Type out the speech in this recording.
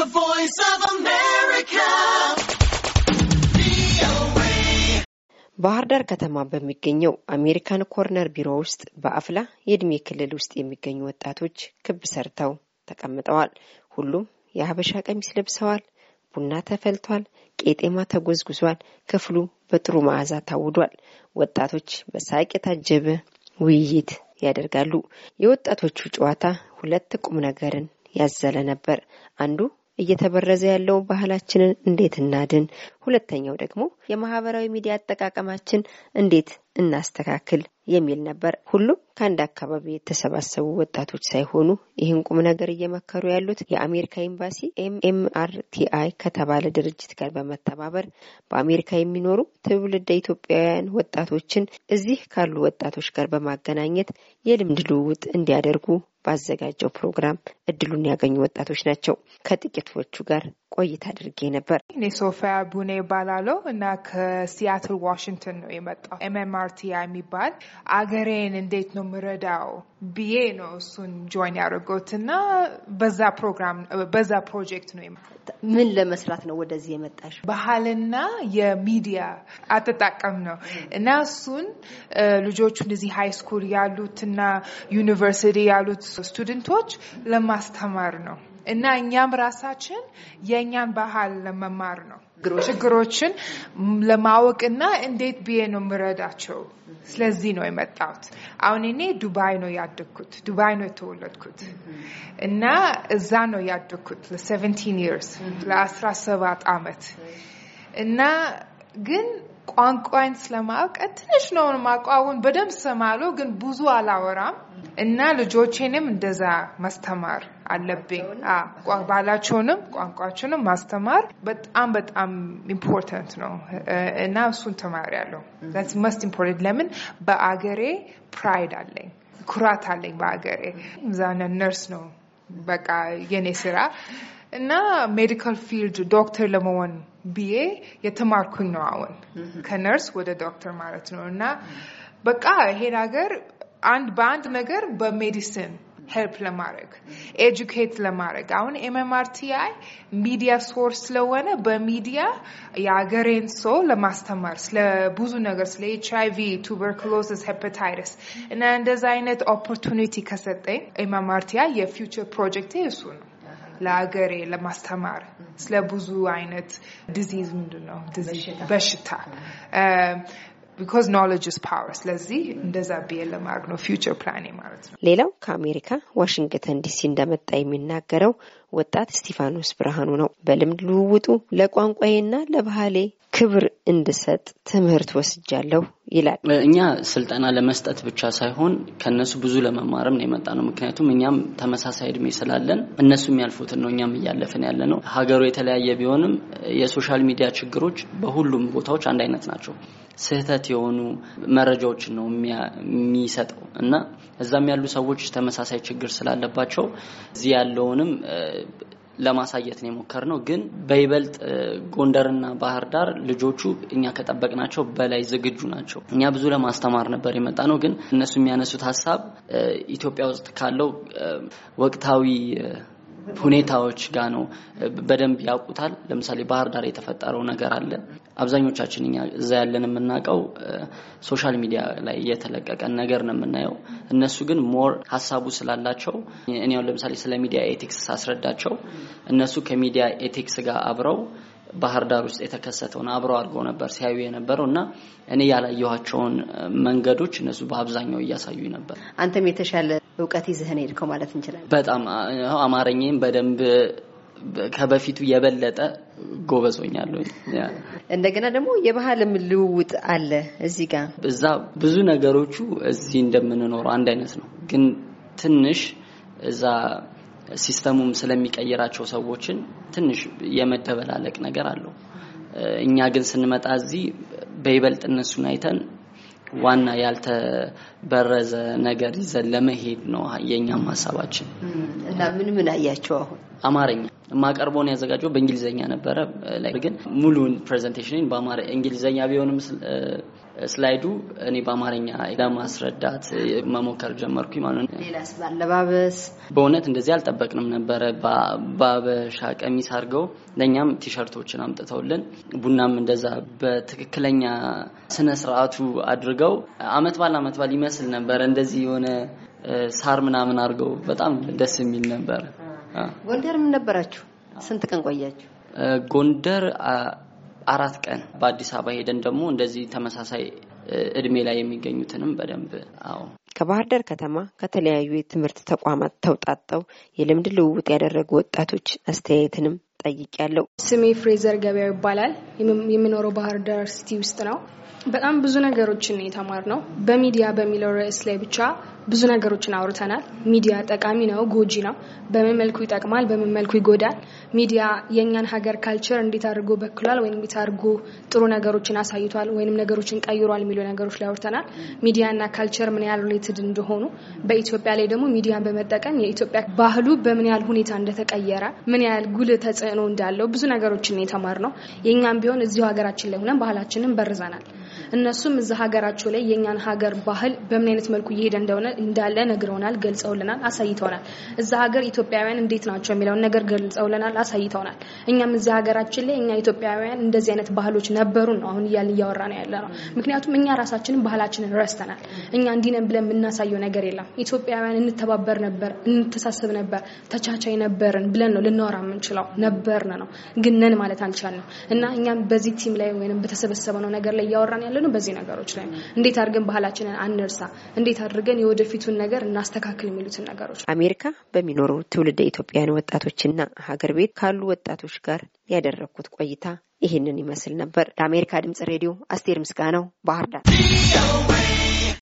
The Voice of America. ባህር ዳር ከተማ በሚገኘው አሜሪካን ኮርነር ቢሮ ውስጥ በአፍላ የእድሜ ክልል ውስጥ የሚገኙ ወጣቶች ክብ ሰርተው ተቀምጠዋል። ሁሉም የሀበሻ ቀሚስ ለብሰዋል። ቡና ተፈልቷል። ቄጤማ ተጎዝጉዟል። ክፍሉ በጥሩ መዓዛ ታውዷል። ወጣቶች በሳቅ የታጀበ ውይይት ያደርጋሉ። የወጣቶቹ ጨዋታ ሁለት ቁም ነገርን ያዘለ ነበር። አንዱ እየተበረዘ ያለው ባህላችንን እንዴት እናድን፣ ሁለተኛው ደግሞ የማህበራዊ ሚዲያ አጠቃቀማችን እንዴት እናስተካክል የሚል ነበር። ሁሉም ከአንድ አካባቢ የተሰባሰቡ ወጣቶች ሳይሆኑ ይህን ቁም ነገር እየመከሩ ያሉት የአሜሪካ ኤምባሲ ኤምኤምአርቲአይ ከተባለ ድርጅት ጋር በመተባበር በአሜሪካ የሚኖሩ ትውልደ ኢትዮጵያውያን ወጣቶችን እዚህ ካሉ ወጣቶች ጋር በማገናኘት የልምድ ልውውጥ እንዲያደርጉ ባዘጋጀው ፕሮግራም እድሉን ያገኙ ወጣቶች ናቸው። ከጥቂቶቹ ጋር ቆይታ አድርጌ ነበር። እኔ ሶፊያ ቡኔ እባላለሁ እና ከሲያትል ዋሽንግተን ነው የመጣው። ኤምኤምአርቲ የሚባል አገሬን እንዴት ነው ምረዳው ብዬ ነው እሱን ጆይን ያደርገት እና በዛ ፕሮግራም በዛ ፕሮጀክት ነው ምን ለመስራት ነው ወደዚህ የመጣሽ? ባህልና የሚዲያ አጠጣቀም ነው እና እሱን ልጆቹ እንደዚህ ሃይ ስኩል ያሉትና ዩኒቨርሲቲ ያሉት ስቱድንቶች ለማስተማር ነው እና እኛም ራሳችን የእኛን ባህል ለመማር ነው ችግሮችን ለማወቅና እንዴት ብዬ ነው የምረዳቸው። ስለዚህ ነው የመጣሁት። አሁን እኔ ዱባይ ነው ያደግኩት፣ ዱባይ ነው የተወለድኩት እና እዛ ነው ያደግኩት ለ17 ይርስ ለ17 ዓመት እና ግን ቋንቋን ስለማውቅ ትንሽ ነው ማቋውን በደንብ ሰማለሁ፣ ግን ብዙ አላወራም እና ልጆቼንም እንደዛ ማስተማር አለብኝ። ባህላቸውንም ቋንቋቸውንም ማስተማር በጣም በጣም ኢምፖርታንት ነው እና እሱን ተማሪያለሁ። መስት ኢምፖርታንት ለምን በአገሬ ፕራይድ አለኝ፣ ኩራት አለኝ በአገሬ። እዛ ነርስ ነው በቃ የኔ ስራ እና ሜዲካል ፊልድ ዶክተር ለመሆን ብዬ የተማርኩኝ ነው። አሁን ከነርስ ወደ ዶክተር ማለት ነው። እና በቃ ይሄን ሀገር አንድ በአንድ ነገር በሜዲሲን ሄልፕ ለማድረግ ኤጁኬት ለማድረግ አሁን ኤምኤምአርቲአይ ሚዲያ ሶርስ ስለሆነ በሚዲያ የአገሬን ሰው ለማስተማር ስለብዙ ነገር ስለ ኤች አይ ቪ፣ ቱበርክሎስስ፣ ሄፐታይተስ እና እንደዛ አይነት ኦፖርቱኒቲ ከሰጠኝ ኤምኤምአርቲአይ የፊውቸር ፕሮጀክቴ እሱ ነው። ለአገሬ ለማስተማር ስለ ብዙ አይነት ዲዚዝ ምንድን ነው በሽታ ቢኮዝ ኖሌጅ ስ ፓወር። ስለዚህ እንደዛ ብዬ ለማድረግ ነው ፊውቸር ፕላኔ ማለት ነው። ሌላው ከአሜሪካ ዋሽንግተን ዲሲ እንደመጣ የሚናገረው ወጣት እስቲፋኖስ ብርሃኑ ነው። በልምድ ልውውጡ ለቋንቋዬና ለባህሌ ክብር እንድሰጥ ትምህርት ወስጃለሁ ይላል። እኛ ስልጠና ለመስጠት ብቻ ሳይሆን ከነሱ ብዙ ለመማርም ነው የመጣ ነው። ምክንያቱም እኛም ተመሳሳይ እድሜ ስላለን እነሱ የሚያልፉትን ነው እኛም እያለፍን ያለ ነው። ሀገሩ የተለያየ ቢሆንም የሶሻል ሚዲያ ችግሮች በሁሉም ቦታዎች አንድ አይነት ናቸው። ስህተት የሆኑ መረጃዎችን ነው የሚሰጠው እና እዛም ያሉ ሰዎች ተመሳሳይ ችግር ስላለባቸው እዚህ ያለውንም ለማሳየት ነው ነው። ግን በይበልጥ ጎንደርና ባህር ዳር ልጆቹ እኛ ከጠበቅናቸው በላይ ዝግጁ ናቸው። እኛ ብዙ ለማስተማር ነበር የመጣ ነው። ግን እነሱ የሚያነሱት ሀሳብ ኢትዮጵያ ውስጥ ካለው ወቅታዊ ሁኔታዎች ጋር ነው በደንብ ያውቁታል። ለምሳሌ ባህር ዳር የተፈጠረው ነገር አለ። አብዛኞቻችን እኛ እዛ ያለን የምናውቀው ሶሻል ሚዲያ ላይ የተለቀቀን ነገር ነው የምናየው። እነሱ ግን ሞር ሀሳቡ ስላላቸው እኔው ለምሳሌ ስለ ሚዲያ ኤቲክስ ሳስረዳቸው እነሱ ከሚዲያ ኤቲክስ ጋር አብረው ባህር ዳር ውስጥ የተከሰተውን አብረው አድርገው ነበር ሲያዩ የነበረው እና እኔ ያላየኋቸውን መንገዶች እነሱ በአብዛኛው እያሳዩ ነበር። አንተም የተሻለ እውቀት ይዘህን ሄድከው ማለት እንችላለን። በጣም አማርኛም በደንብ ከበፊቱ የበለጠ ጎበዞኛለሁ። እንደገና ደግሞ የባህልም ልውውጥ አለ እዚህ ጋር እዛ ብዙ ነገሮቹ እዚህ እንደምንኖረው አንድ አይነት ነው፣ ግን ትንሽ እዛ ሲስተሙም ስለሚቀይራቸው ሰዎችን ትንሽ የመደበላለቅ ነገር አለው። እኛ ግን ስንመጣ እዚህ በይበልጥ እነሱን አይተን ዋና ያልተበረዘ ነገር ይዘን ለመሄድ ነው የእኛም ሀሳባችን። እና ምን ምን አያቸው? አሁን አማርኛ የማቀርበውን ያዘጋጀው በእንግሊዝኛ ነበረ፣ ግን ሙሉን ፕሬዘንቴሽን በአማርኛ እንግሊዝኛ ቢሆንም ስላይዱ እኔ በአማርኛ ለማስረዳት መሞከር ጀመርኩኝ ማለት ነው። ሌላስ ባለባበስ በእውነት እንደዚህ አልጠበቅንም ነበረ። ባበሻ ቀሚስ አድርገው ለእኛም ቲሸርቶችን አምጥተውልን ቡናም እንደዛ በትክክለኛ ስነ ስርዓቱ አድርገው አመት ባል አመት ባል ይመስል ነበረ። እንደዚህ የሆነ ሳር ምናምን አድርገው በጣም ደስ የሚል ነበር። ጎንደር ምን ነበራችሁ? ስንት ቀን ቆያችሁ? ጎንደር አራት ቀን በአዲስ አበባ ሄደን ደግሞ እንደዚህ ተመሳሳይ እድሜ ላይ የሚገኙትንም በደንብ አዎ ከባህር ዳር ከተማ ከተለያዩ የትምህርት ተቋማት ተውጣጠው የልምድ ልውውጥ ያደረጉ ወጣቶች አስተያየትንም ጠይቅ ያለው ስሜ ፍሬዘር ገበያው ይባላል። የምኖረው ባህር ዳር ሲቲ ውስጥ ነው። በጣም ብዙ ነገሮችን የተማር ነው። በሚዲያ በሚለው ርዕስ ላይ ብቻ ብዙ ነገሮችን አውርተናል። ሚዲያ ጠቃሚ ነው፣ ጎጂ ነው፣ በምን መልኩ ይጠቅማል፣ በምን መልኩ ይጎዳል፣ ሚዲያ የእኛን ሀገር ካልቸር እንዴት አድርጎ በክሏል ወይም እንዴት አድርጎ ጥሩ ነገሮችን አሳይቷል ወይም ነገሮችን ቀይሯል የሚሉ ነገሮች ላይ አውርተናል። ሚዲያና ካልቸር ምን ያህል ሪሌትድ እንደሆኑ፣ በኢትዮጵያ ላይ ደግሞ ሚዲያን በመጠቀም የኢትዮጵያ ባህሉ በምን ያህል ሁኔታ እንደተቀየረ፣ ምን ያህል ጉልህ ተጽዕኖ እንዳለው ብዙ ነገሮችን የተማርነው የእኛም ቢሆን እዚሁ ሀገራችን ላይ ሆነን ባህላችንን በርዘናል። እነሱም እዛ ሀገራቸው ላይ የእኛን ሀገር ባህል በምን አይነት መልኩ እየሄደ እንደሆነ እንዳለ ነግረውናል፣ ገልጸውልናል፣ አሳይተውናል። እዛ ሀገር ኢትዮጵያውያን እንዴት ናቸው የሚለውን ነገር ገልጸውልናል፣ አሳይተውናል። እኛም እዚህ ሀገራችን ላይ እኛ ኢትዮጵያውያን እንደዚህ አይነት ባህሎች ነበሩ ነው አሁን እያልን እያወራ ነው ያለ ነው። ምክንያቱም እኛ ራሳችንን ባህላችንን ረስተናል። እኛ እንዲነን ብለን የምናሳየው ነገር የለም። ኢትዮጵያውያን እንተባበር ነበር፣ እንተሳሰብ ነበር፣ ተቻቻይ ነበርን ብለን ነው ልናወራ የምንችለው። ነበርን ነው ግን ነን ማለት አልቻልንም። እና እኛም በዚህ ቲም ላይ ወይም በተሰበሰበ ነው ነገር ላይ እያወራን ያለ ነው በዚህ ነገሮች ላይ እንዴት አድርገን ባህላችንን አንርሳ፣ እንዴት አድርገን የወደ የወደፊቱን ነገር እናስተካክል የሚሉትን ነገሮች አሜሪካ በሚኖሩ ትውልደ ኢትዮጵያውያን ወጣቶችና ሀገር ቤት ካሉ ወጣቶች ጋር ያደረግኩት ቆይታ ይህንን ይመስል ነበር። ለአሜሪካ ድምጽ ሬዲዮ አስቴር ምስጋናው ባህር ዳር